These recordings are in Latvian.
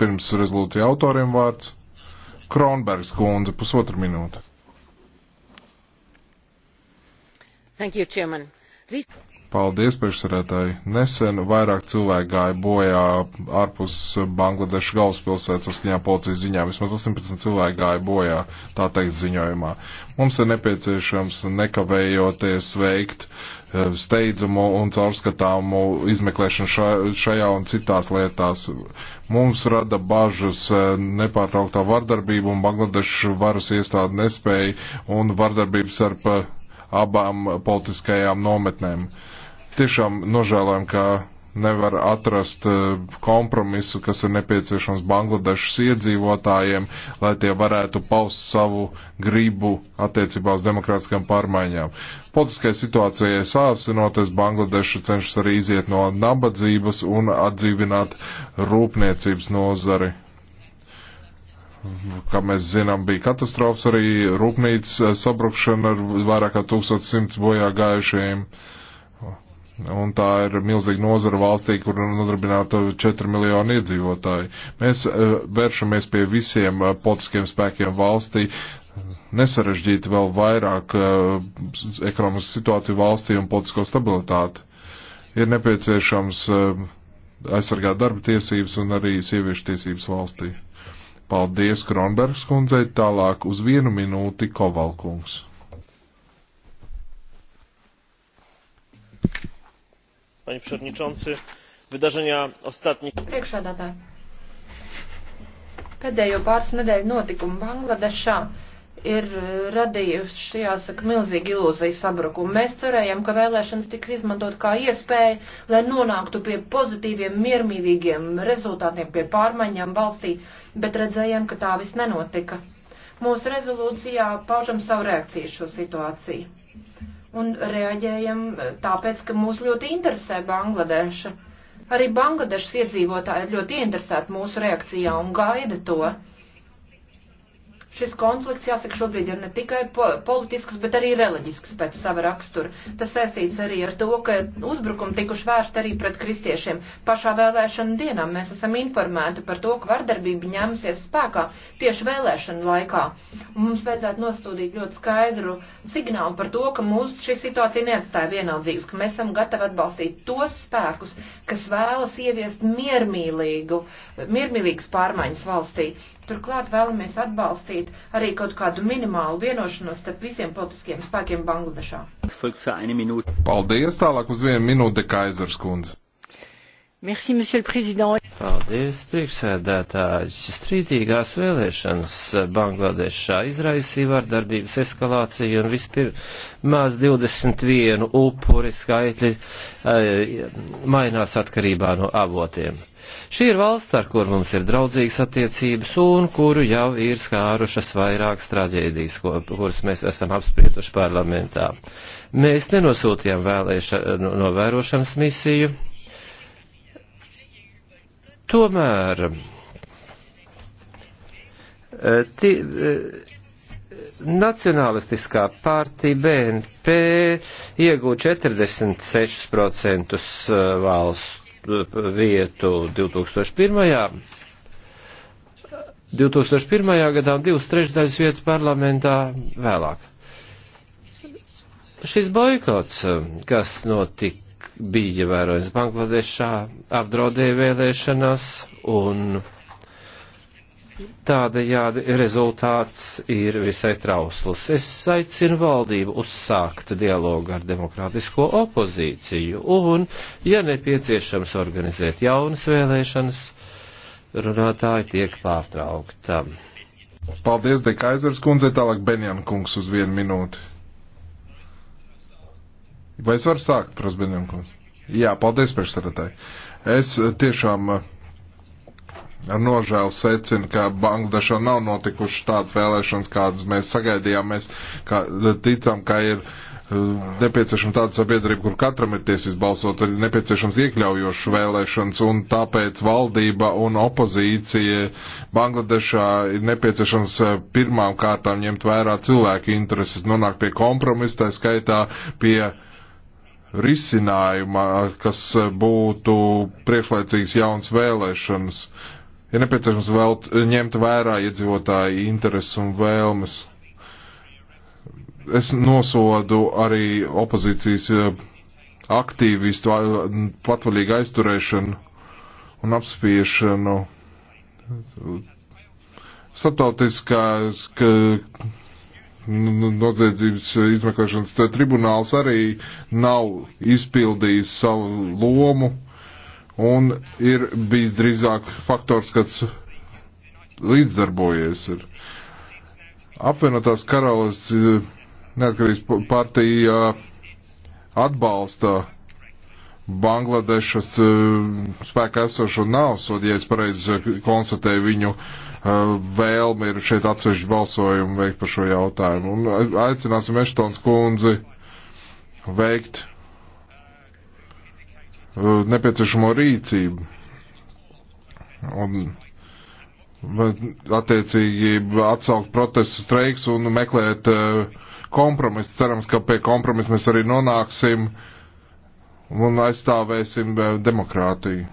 Pirms rezolūcija autoriem vārds Kronbergs kundze, pusotra minūte. Thank you, Chairman. Paldies, priekšsarētāji. Nesen vairāk cilvēku gāja bojā ārpus Bangladešas galvaspilsētas saskaņā policijas ziņā. Vismaz 18 cilvēki gāja bojā, tā teikt, ziņojumā. Mums ir nepieciešams nekavējoties veikt eh, steidzamu un caurskatāmu izmeklēšanu šajā un citās lietās. Mums rada bažas eh, nepārtrauktā vardarbība un Bangladešas varas iestāde nespēja un vardarbības ar abām politiskajām nometnēm. Uh, tiešām nožēlojam, ka nevar atrast e, kompromisu, kas ir nepieciešams Bangladešas iedzīvotājiem, lai tie varētu paust savu gribu attiecībā uz demokrātiskām pārmaiņām. Politiskai situācijai sāsinoties, Bangladeša cenšas arī iziet no nabadzības un atdzīvināt rūpniecības nozari. Kā mēs zinām, bija katastrofas arī rūpnīcas e, sabrukšana ar vairāk kā 1100 bojā gājušajiem. Uh, un tā ir milzīga nozara valstī, kur nodarbināta 4 miljoni iedzīvotāji. Mēs eh, vēršamies pie visiem eh, politiskiem spēkiem valstī, nesarežģīt vēl vairāk eh, ekonomisku situāciju valstī un politisko stabilitāti. Ir nepieciešams aizsargāt darba tiesības un arī sieviešu tiesības valstī. Paldies Kronbergs kundzei, tālāk uz vienu minūti Kovalkungs. panie przewodniczący! wydarzenia ostatnich pēdējo pāris nedēļu notikumi Bangladešā ir eh, radījuši, jāsaka, milzīgi ilūziju sabrukumu. Mēs cerējām, ka vēlēšanas tiks izmantot kā iespēja, lai nonāktu pie pozitīviem, miermīlīgiem rezultātiem, pie pārmaiņām valstī, bet redzējām, ka tā viss nenotika. Mūsu rezolūcijā paužam savu reakciju šo situāciju un reaģējam eh, tāpēc, ka mūs ļoti interesē Bangladeša. Arī Bangladešas iedzīvotāji ir ļoti interesēti mūsu reakcijā un gaida to. Šis konflikts, jāsaka, šobrīd ir ne tikai po politisks, bet arī reliģisks pēc sava rakstura. Tas saistīts arī ar to, ka uzbrukumi tikuši vērsti arī pret kristiešiem. Pašā vēlēšana dienā mēs esam informēti par to, ka vardarbība ņēmusies spēkā tieši vēlēšana laikā. Un mums vajadzētu nostūdīt ļoti skaidru signālu par to, ka mūs šī situācija neatstāja vienaldzīgas, ka mēs esam gatavi atbalstīt tos spēkus, kas vēlas ieviest miermīlīgu, miermīlīgas pārmaiņas valstī. Turklāt vēlamies atbalstīt arī kaut kādu minimālu vienošanos starp visiem politiskiem spēkiem Bangladešā. Paldies, tālāk uz vienu minūti Kaizers kundze. Merci, monsieur le président. Paldies, priekšsēdētāji. Strīdīgās vēlēšanas Bangladešā izraisīja vardarbības eskalāciju un vispirms 21 upuri skaitļi e, mainās atkarībā no avotiem. Šī ir valsts, ar kur mums ir draudzīgas attiecības un kuru jau ir skārušas vairākas traģēdijas, ko, kuras mēs esam apsprieduši parlamentā. Mēs nenosūtījām vēlēšanu novērošanas misiju Tomēr eh, ti, eh, Nacionalistiskā partija BNP iegūta 46% valstu vietu 2001. 2001. gadā un divas trešdaļas vietu parlamentā vēlāk. Šis boikots, eh, kas notika bija ievērojams Bangladešā, apdraudēja vēlēšanās un tādējādi rezultāts ir visai trausls. Es aicinu valdību uzsākt dialogu ar demokrātisko opozīciju un, ja nepieciešams, organizēt jaunas vēlēšanas, runātāji tiek pārtraukta. Paldies, Dekaizers kundze, tālāk Benjana kungs uz vienu minūti. Vai es varu sākt, Prasbēnkungs? Jā, paldies priekšsaratai. Es eh, tiešām eh, ar nožēlu secinu, ka Bangladešā nav notikušas tādas vēlēšanas, kādas mēs sagaidījām. Mēs kā, ticam, ka ir eh, nepieciešama tāda sabiedrība, kur katram ir tiesības balsot, ir nepieciešams iekļaujošas vēlēšanas, un tāpēc valdība un opozīcija Bangladešā ir nepieciešams pirmām kārtām ņemt vērā cilvēku intereses, nonākt pie kompromisa, tā skaitā pie uh, risinājuma, kas būtu priekšlaicīgs jauns vēlēšanas. Ir ja nepieciešams vēl ņemt vērā iedzīvotāju intereses un vēlmes. Es nosodu arī opozīcijas aktīvistu patvaļīgu aizturēšanu un apspiešanu. Starptautiskās Nu, nu, noziedzības eh, izmeklēšanas tribunāls arī nav izpildījis savu lomu un ir bijis drīzāk faktors, kas līdzdarbojies. Ir. Apvienotās karalists eh, neatkarīgs partija atbalsta Bangladešas eh, spēkā esošo nav, ja es pareizi konstatēju viņu uh, Eh, vēlme ir šeit atsevišķi balsojumu veikt par šo jautājumu. Un eh, aicināsim Eštons kundzi veikt eh, nepieciešamo rīcību. Un attiecīgi atsaukt protestu streiks un meklēt kompromisu. Cerams, ka pie kompromisa mēs arī nonāksim un aizstāvēsim demokrātiju.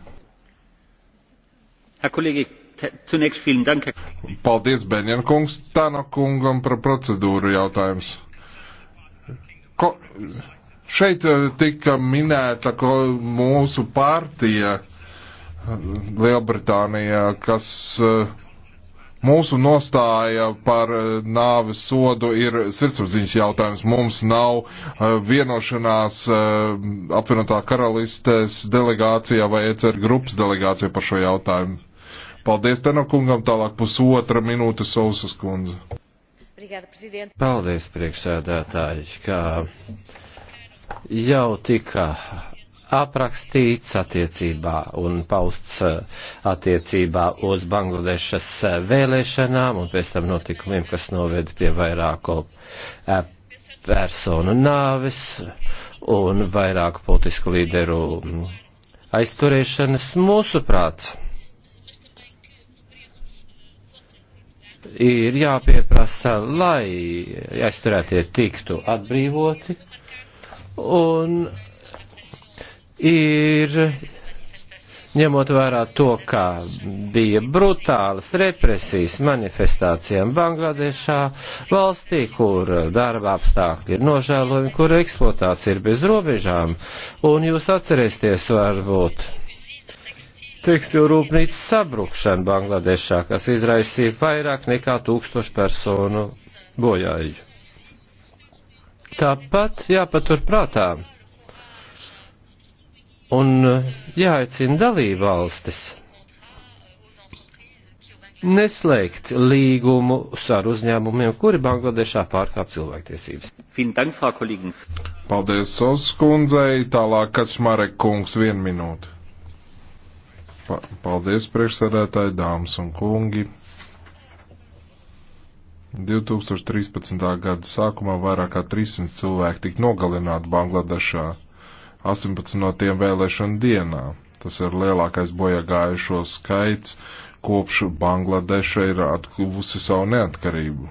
Herr Kollege Paldies, Beņēna kungs. Tāna kungam par procedūru jautājums. Ko, šeit eh, tika minēta mūsu partija eh, Lielbritānijā, kas eh, mūsu nostāja par nāves sodu ir sirdsapziņas jautājums. Mums nav vienošanās apvienotā karalistes delegācijā vai ECR grupas delegācijā par šo jautājumu. Paldies Tenokungam, tālāk pusotra minūte Sausas kundze. Paldies, priekšsēdētāji, kā jau tika aprakstīts attiecībā un pausts eh, attiecībā uz Bangladešas eh, vēlēšanām un pēc tam notikumiem, kas noved pie vairāko eh, personu nāves un vairāku politisku līderu mm, aizturēšanas. Mūsuprāt, ir jāpieprasa, lai aizturētie tiktu atbrīvoti, un ir ņemot vērā to, kā bija brutālas represijas manifestācijām Bangladešā, valstī, kur darba apstākļi ir nožēlojami, kur eksploatācija ir bez robežām, un jūs atcerēsieties varbūt tekstilrūpnīca sabrukšana Bangladešā, kas izraisīja vairāk nekā tūkstošu personu bojāju. Tāpat jāpatur prātā un jāaicina dalībvalstis neslēgt līgumu ar uzņēmumiem, kuri Bangladešā pārkāp cilvēktiesības. Paldies, Soskundzei. Tālāk, Kačmarek kungs, vienu minūtu. Pa paldies priekšsēdētāji, dāmas un kungi. 2013. gada sākumā vairāk kā 300 cilvēki tika nogalināti Bangladešā, 18 no tiem vēlēšana dienā. Tas ir lielākais bojāgājušo skaits, kopš Bangladeša ir atguvusi savu neatkarību.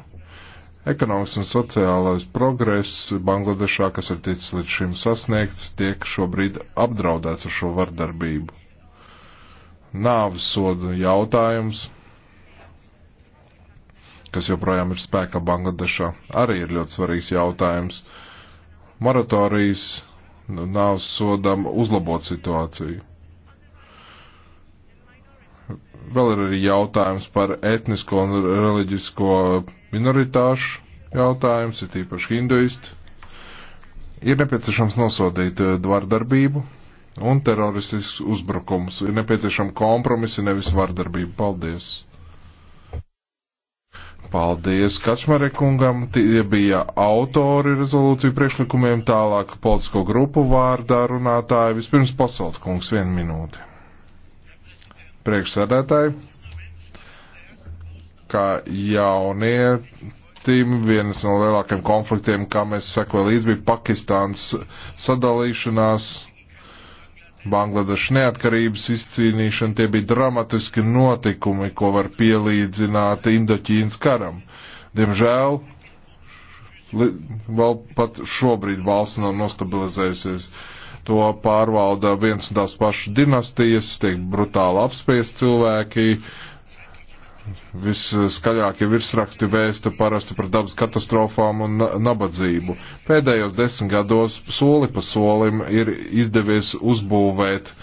Ekonomikas un sociālais progress Bangladešā, kas ir ticis līdz šim sasniegts, tiek šobrīd apdraudēts ar šo vardarbību nāvis soda jautājums, kas joprojām ir spēkā Bangladešā, arī ir ļoti svarīgs jautājums. Moratorijas nāvis sodam uzlabot situāciju. Vēl ir arī jautājums par etnisko un reliģisko minoritāšu jautājums, ir tīpaši hinduisti. Ir nepieciešams nosodīt vardarbību, un teroristisks uzbrukums. Ir nepieciešama kompromisa, nevis vardarbība. Paldies! Paldies Kačmarekungam, tie bija autori rezolūciju priekšlikumiem, tālāk politisko grupu vārdā runātāji. Vispirms pasault kungs, vienu minūti. Priekšsēdētāji, kā jaunietim, viens no lielākiem konfliktiem, kā mēs sekoja līdz, bija Pakistāns sadalīšanās Bangladešas neatkarības izcīnīšana, tie bija dramatiski notikumi, ko var pielīdzināt Indoķīnas karam. Diemžēl vēl pat šobrīd valsts nav nostabilizējusies. To pārvalda viens un tās pašas dinastijas, tiek brutāli apspiesti cilvēki, Viskaļākie virsraksti vēsta parasti par dabas katastrofām un nabadzību. Pēdējos desmit gados soli pa solim ir izdevies uzbūvēt e,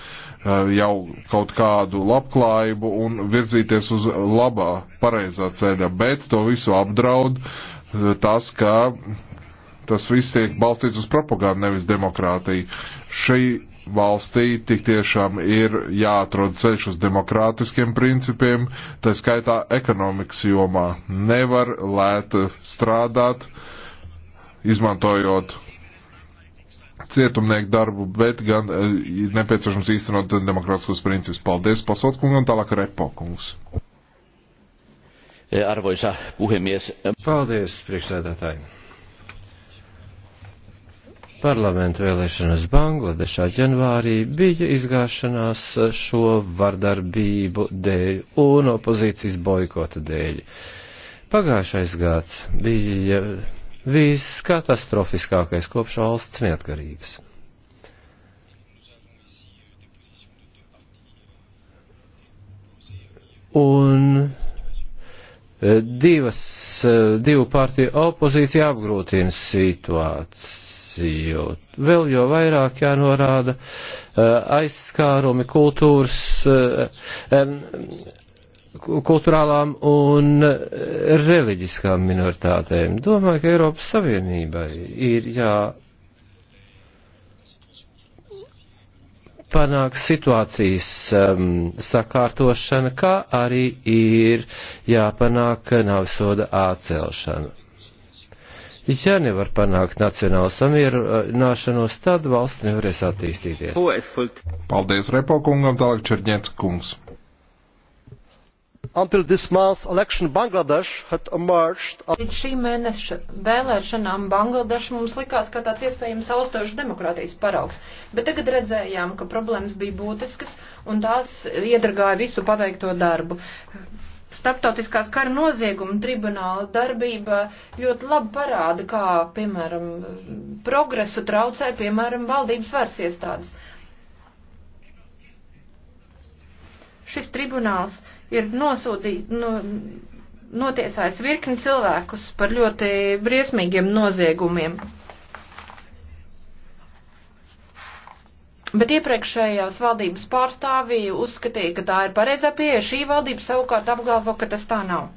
jau kaut kādu labklājību un virzīties uz labā, pareizā ceļa, bet to visu apdraud e, tas, ka tas viss tiek balstīts uz propagandu, nevis demokrātiju. Šī valstī tik tiešām ir jāatrod ceļš uz demokrātiskiem principiem, tā skaitā ekonomikas jomā. Nevar lēti strādāt, izmantojot cietumnieku darbu, bet gan ir e, nepieciešams īstenot demokrātiskos principus. Paldies, pasotkungam, tālāk repokungs. E, arvoisa puhemies. Paldies, priekšsēdētāji parlamentu vēlēšanas Bangladešā janvārī bija izgāšanās šo vardarbību dēļ un opozīcijas boikota dēļ. Pagājušais gads bija viskatastrofiskākais kopš valsts neatkarības. Un eh, divas, eh, divu partiju opozīcija apgrūtina situāciju dimensiju. Vēl jo vairāk jānorāda eh, aizskārumi kultūras, eh, kultūrālām un eh, reliģiskām minoritātēm. Domāju, ka Eiropas Savienībai ir jā. panāk situācijas um, sakārtošana, kā arī ir jāpanāk navsoda atcelšana. Ja nevar panākt nacionālu samierināšanos, tad valsts nevarēs attīstīties. Paldies Repokungam, tālāk Čerņēts kungs. Līdz šī mēneša vēlēšanām Bangladeša mums likās kā tāds iespējams austošs demokrātijas paraugs, bet tagad redzējām, ka problēmas bija būtiskas un tās iedragāja visu paveikto darbu starptautiskās kara nozieguma tribunāla darbība ļoti labi parāda, kā, piemēram, progresu traucē, piemēram, valdības varas iestādes. Šis tribunāls ir nosūtīt, nu, notiesājis virkni cilvēkus par ļoti briesmīgiem noziegumiem. Bet iepriekšējās valdības pārstāvīja uzskatīja, ka tā ir pareizā pieeja, šī valdība savukārt apgalvo, ka tas tā nav.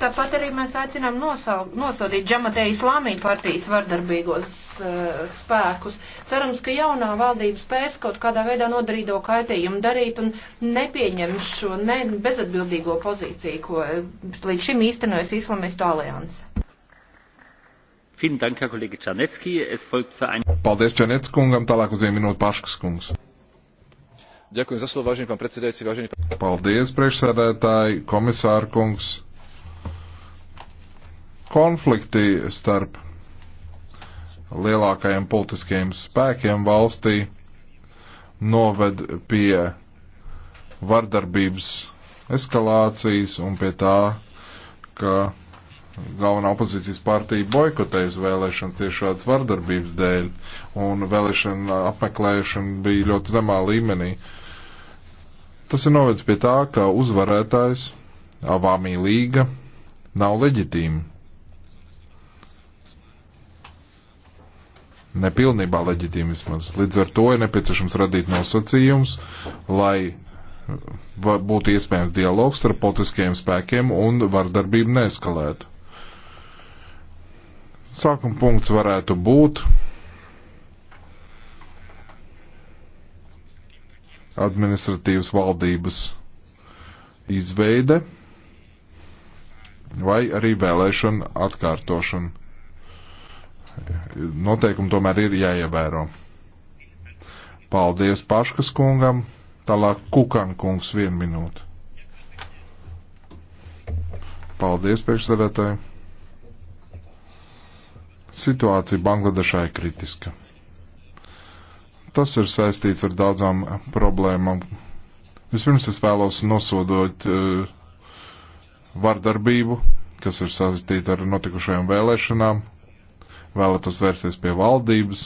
Tāpat arī mēs aicinām nosaug, nosodīt Džamatē Islāmī partijas vardarbīgos uh, spēkus. Cerams, ka jaunā valdība spēs kaut kādā veidā nodarīto kaitījumu darīt un nepieņems šo ne, bezatbildīgo pozīciju, ko līdz šim īstenojas Islamistu alianse. Paldies Čanets kungam, tālāk uz vienu minūtu Paškas kungs. Ďakujem za slovo, vážený pán predsedajúci, vážený pán... Paldies, priekšsēdētāji, komisāra kungs. Konflikti starp lielākajiem politiskajiem spēkiem valstī noved pie vardarbības eskalācijas un pie tā, ka galvenā opozīcijas partija boikotējas vēlēšanas tieši šādas vardarbības dēļ, un vēlēšana apmeklēšana bija ļoti zemā līmenī. Tas ir novedis pie tā, ka uzvarētājs Avāmī līga nav leģitīma. Nepilnībā leģitīma vismaz. Līdz ar to ir nepieciešams radīt nosacījums, lai būtu iespējams dialogs ar politiskajiem spēkiem un vardarbību neeskalētu. Sākuma punkts varētu būt administratīvas valdības izveide vai arī vēlēšana atkārtošana. Noteikumi tomēr ir jāievēro. Paldies Paškas kungam, tālāk Kukan kungs vienu minūtu. Paldies priekšsēdētāji. Situācija Bangladešā ir kritiska. Tas ir saistīts ar daudzām problēmām. Vispirms es vēlos nosodot uh, vardarbību, kas ir saistīta ar notikušajām vēlēšanām. Vēlētos vērsties pie valdības,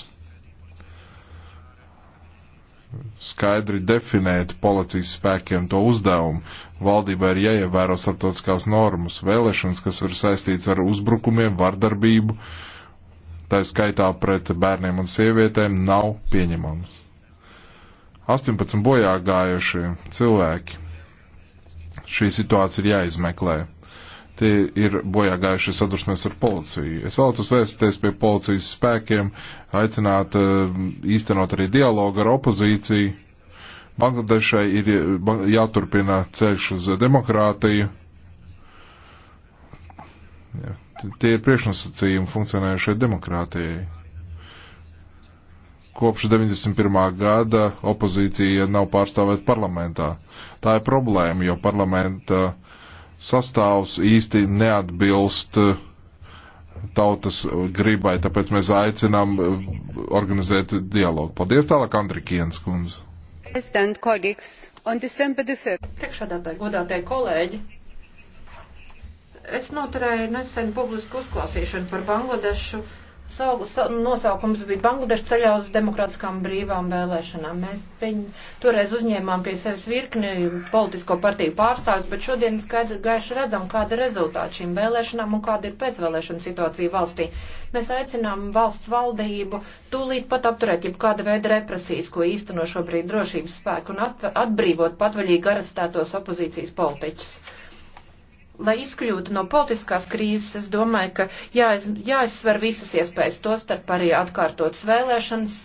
skaidri definēt policijas spēkiem to uzdevumu. Valdībai ir jāievēro starptautiskās normas, vēlēšanas, kas ir saistīts ar uzbrukumiem, vardarbību. Uh, tā skaitā pret bērniem un sievietēm, nav pieņemams. 18 bojā gājušie cilvēki. Šī situācija ir jāizmeklē. Tie ir bojā gājušie sadursmēs ar policiju. Es vēlētos vērsties pie policijas spēkiem, aicināt eh, īstenot arī dialogu ar opozīciju. Bangladešai ir eh, jāturpina ceļš uz demokrātiju. Jā Tie ir priekšnosacījumi funkcionējušai demokrātijai. Kopš 91. gada opozīcija nav pārstāvēta parlamentā. Tā ir problēma, jo parlamenta sastāvs īsti neatbilst uh, tautas gribai, tāpēc mēs aicinām uh, organizēt dialogu. Paldies tālāk, Andrikienas kundze. Priekšādātāji, godātāji kolēģi, Es noturēju nesen publisku uzklausīšanu par Bangladešu. Savu, sa, nosaukums bija Bangladeša ceļā uz demokrātiskām brīvām vēlēšanām. Mēs viņu toreiz uzņēmām pie sevis virkni politisko partiju pārstāvjus, bet šodien skaidri gaiši redzam, kāda ir rezultāta šīm vēlēšanām un kāda ir pēcvēlēšana situācija valstī. Mēs aicinām valsts valdību tūlīt pat apturēt jau kāda veida represijas, ko īsteno šobrīd drošības spēku un atbrīvot patvaļīgi arestētos opozīcijas politiķus lai izkļūtu no politiskās krīzes, es domāju, ka jāiz, jāizsver visas iespējas, tostarp arī atkārtotas vēlēšanas,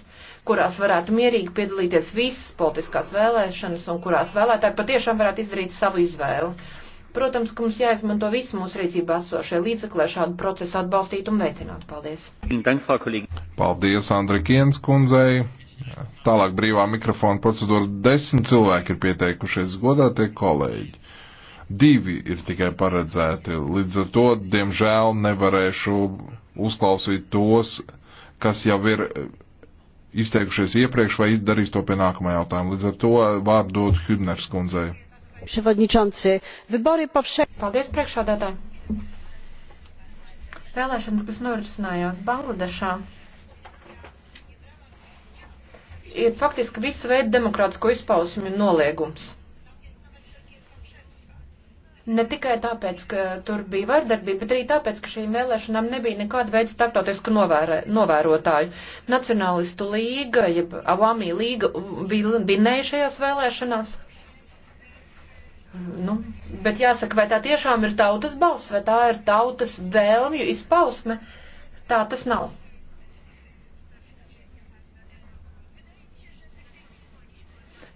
kurās varētu mierīgi piedalīties visas politiskās vēlēšanas un kurās vēlētāji patiešām varētu izdarīt savu izvēli. Protams, ka mums jāizmanto visi mūsu rīcībā esošie līdzekļi, lai šādu procesu atbalstītu un veicinātu. Paldies! Paldies, Andrikiens kundzei! Tālāk brīvā mikrofona procedūra. Desmit cilvēki ir pieteikušies, godātie kolēģi divi ir tikai paredzēti. Līdz ar to, diemžēl, nevarēšu uzklausīt tos, kas jau ir izteikušies iepriekš vai darīs to pie nākamā jautājuma. Līdz ar to vārdu dod Hübners kundzei. Paldies priekšādātāji! Vēlēšanas, kas norisinājās Bangladešā, ir faktiski visu veidu demokrātisko izpausmju noliegums. Ne tikai tāpēc, ka tur bija vardarbība, bet arī tāpēc, ka šīm vēlēšanām nebija nekāda veida starptautisku novēra, novērotāju. Nacionālistu līga, jeb Avamī līga bija, bija neišajās vēlēšanās. Nu, bet jāsaka, vai tā tiešām ir tautas balss, vai tā ir tautas vēlmju izpausme? Tā tas nav.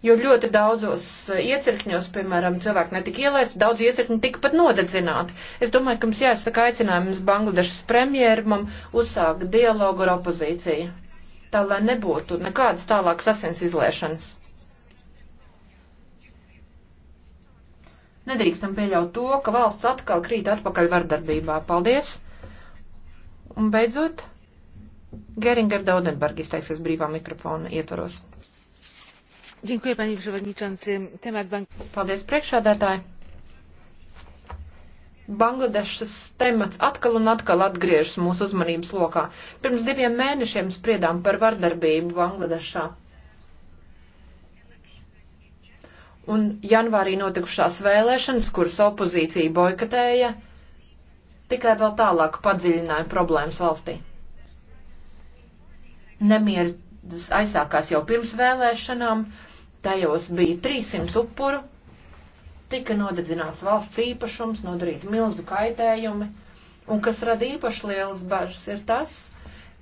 jo ļoti daudzos eh, iecirkņos, piemēram, cilvēki netika ielaisti, daudz iecirkņi tika pat nodedzināti. Es domāju, ka mums jāsaka aicinājums Bangladešas premjermam uzsākt dialogu ar opozīciju, tā lai nebūtu nekādas tālākas asins izliešanas. Nedrīkstam pieļaut to, ka valsts atkal krīt atpakaļ vardarbībā. Paldies! Un beidzot, Geringer Daudenberg izteiksies brīvā mikrofona ietvaros. Paldies, priekšādātāji! Bangladešas temats atkal un atkal atgriežas mūsu uzmanības lokā. Pirms diviem mēnešiem spriedām par vardarbību Bangladešā. Un janvārī notikušās vēlēšanas, kuras opozīcija boikotēja, tikai vēl tālāk padziļināja problēmas valstī. Nemieri aizsākās jau pirms vēlēšanām Tajos bija 300 upuru, tika nodedzināts valsts īpašums, nodarīti milzu kaitējumi, un kas rada īpaši lielas bažas ir tas,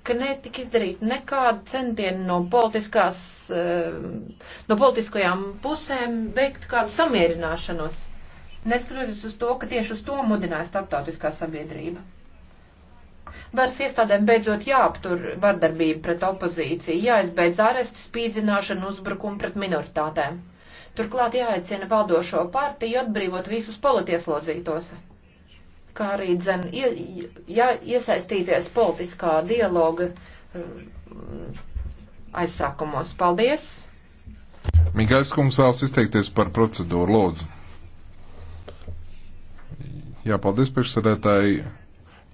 ka netika izdarīt nekādu centienu no politiskās, eh, no politiskajām pusēm veikt kādu samierināšanos, neskatoties uz to, ka tieši uz to mudināja starptautiskā sabiedrība. Varas iestādēm beidzot jāaptur vardarbība pret opozīciju, jāizbeidz aresti, spīdzināšana, uzbrukumi pret minoritātēm. Turklāt jāaicina valdošo partiju atbrīvot visus politieslodzītos, kā arī dzen jā, iesaistīties politiskā dialoga mm, aizsākumos. Paldies! Migaļs kungs vēlas izteikties par procedūru lūdzu. Jā, paldies priekšsēdētāji.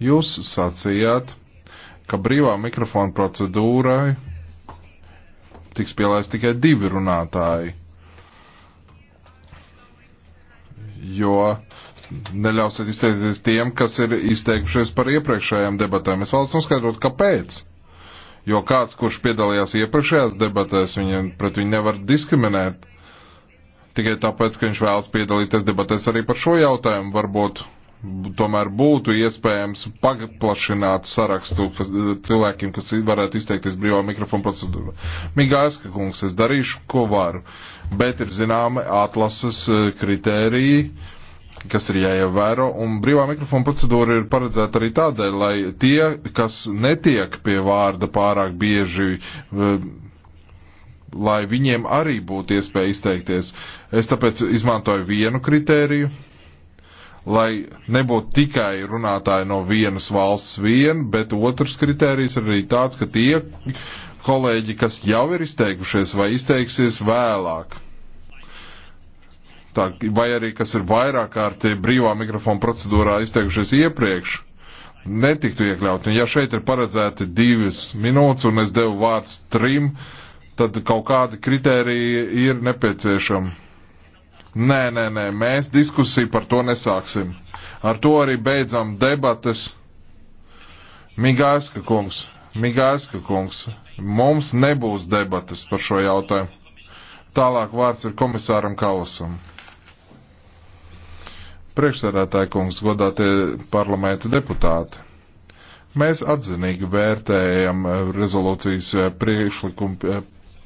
Jūs sacījāt, ka brīvā mikrofona procedūrai tiks pielaist tikai divi runātāji, jo neļausiet izteikties tiem, kas ir izteikušies par iepriekšējām debatēm. Es vēlos noskaidrot, kāpēc. Jo kāds, kurš piedalījās iepriekšējās debatēs, viņam pret viņu nevar diskriminēt. Tikai tāpēc, ka viņš vēlas piedalīties debatēs arī par šo jautājumu, varbūt tomēr būtu iespējams paplašināt sarakstu kas, eh, cilvēkiem, kas varētu izteikties brīvā mikrofona procedūrā. Migāska kungs, es darīšu, ko varu, bet ir zināmi atlases eh, kritēriji, kas ir jāievēro, un brīvā mikrofona procedūra ir paredzēta arī tādēļ, lai tie, kas netiek pie vārda pārāk bieži, eh, lai viņiem arī būtu iespēja izteikties. Es tāpēc izmantoju vienu kritēriju lai nebūtu tikai runātāji no vienas valsts vien, bet otrs kritērijs ir arī tāds, ka tie kolēģi, kas jau ir izteikušies vai izteiksies vēlāk, tā, vai arī kas ir vairāk kārtī brīvā mikrofona procedūrā izteikušies iepriekš, netiktu iekļaut. Un ja šeit ir paredzēti divas minūtes un es devu vārds trim, tad kaut kādi kriteriji ir nepieciešami. Nē, nē, nē, mēs diskusiju par to nesāksim. Ar to arī beidzam debatas. Migāska kungs, Migāska kungs, mums nebūs debatas par šo jautājumu. Tālāk vārds ir komisāram Kalasam. Priekšsēdētāji kungs, godātie parlamenta deputāti. Mēs atzinīgi vērtējam rezolūcijas priekšlikumu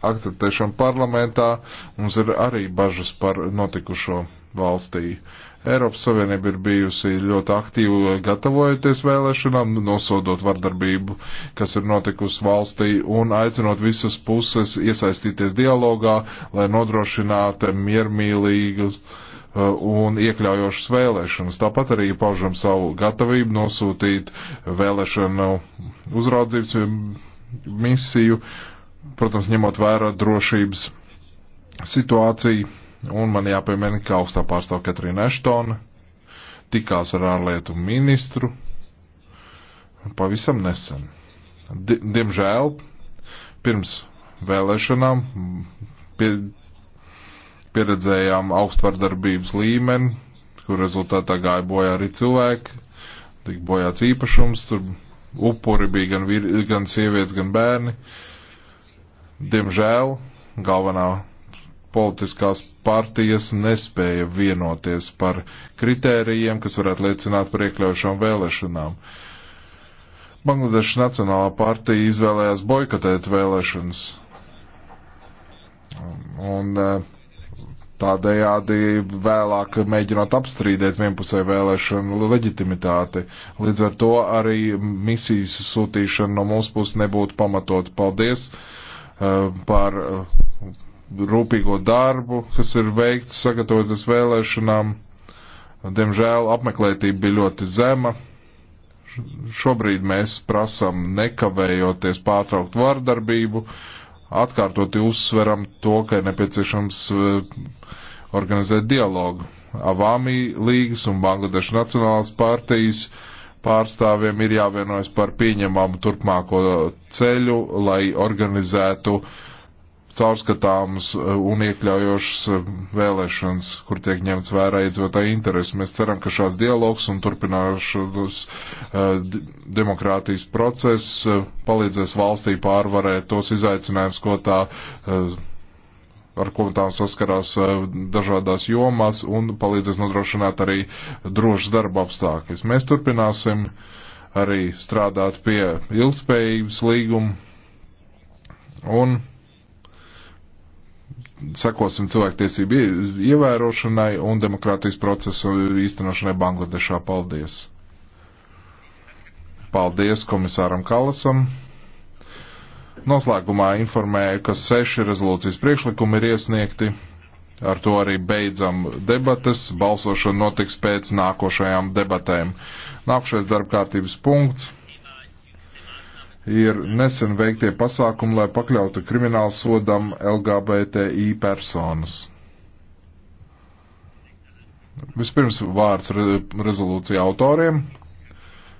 akceptēšanu parlamentā. Mums ir arī bažas par notikušo valstī. Eiropas Savienība ir bijusi ļoti aktīva gatavojoties vēlēšanām, nosodot vardarbību, kas ir notikusi valstī, un aicinot visas puses iesaistīties dialogā, lai nodrošinātu miermīlīgu uh, un iekļaujošas vēlēšanas. Tāpat arī paužam savu gatavību nosūtīt vēlēšanu uzraudzības misiju protams, ņemot vērā drošības situāciju, un man jāpiemina, ka augstā pārstāv Katrīna Eštona tikās ar ārlietu ministru pavisam nesen. Di diemžēl pirms vēlēšanām pie pieredzējām augstvardarbības līmeni, kur rezultātā gāja bojā arī cilvēki, tika bojāts īpašums, tur upuri bija gan, gan sievietes, gan bērni. Uh, Diemžēl galvenā politiskās partijas nespēja vienoties par kritērijiem, kas varētu liecināt par iekļaušām vēlēšanām. Bangladešas Nacionālā partija izvēlējās boikotēt vēlēšanas. Un e, tādējādi vēlāk mēģinot apstrīdēt vienpusē vēlēšanu leģitimitāti. Līdz ar to arī misijas sūtīšana no mūsu puses nebūtu pamatot. Paldies! Uh, par uh, rūpīgo darbu, kas ir veikts sagatavoties vēlēšanām. Diemžēl apmeklētība bija ļoti zema. Šobrīd mēs prasam nekavējoties pārtraukt vārdarbību, atkārtoti uzsveram to, ka ir nepieciešams uh, organizēt dialogu. Avāmī līgas un Bangladešu nacionālās partijas uh, pārstāvjiem ir jāvienojas par pieņemamu turpmāko ceļu, lai organizētu caurskatāmas uh, un iekļaujošas uh, vēlēšanas, kur tiek ņemts vērā iedzīvotāji interesi. Mēs ceram, ka šāds dialogs un turpināšanas uh, demokrātijas process palīdzēs valstī pārvarēt tos izaicinājumus, ko tā ar ko tām saskarās eh, dažādās jomās un palīdzēs nodrošināt arī drošas darba apstākļus. Mēs turpināsim arī strādāt pie ilgspējības līguma un sekosim cilvēktiesību ievērošanai un demokrātijas procesu īstenošanai Bangladešā. Paldies! Paldies komisāram Kalasam! Noslēgumā informēju, ka seši rezolūcijas priekšlikumi ir iesniegti. Ar to arī beidzam debates. Balsošana notiks pēc nākošajām debatēm. Nākošais darbkārtības punkts ir nesen veiktie pasākumi, lai pakļautu kriminālu sodam LGBTI personas. Vispirms vārds re rezolūcija autoriem.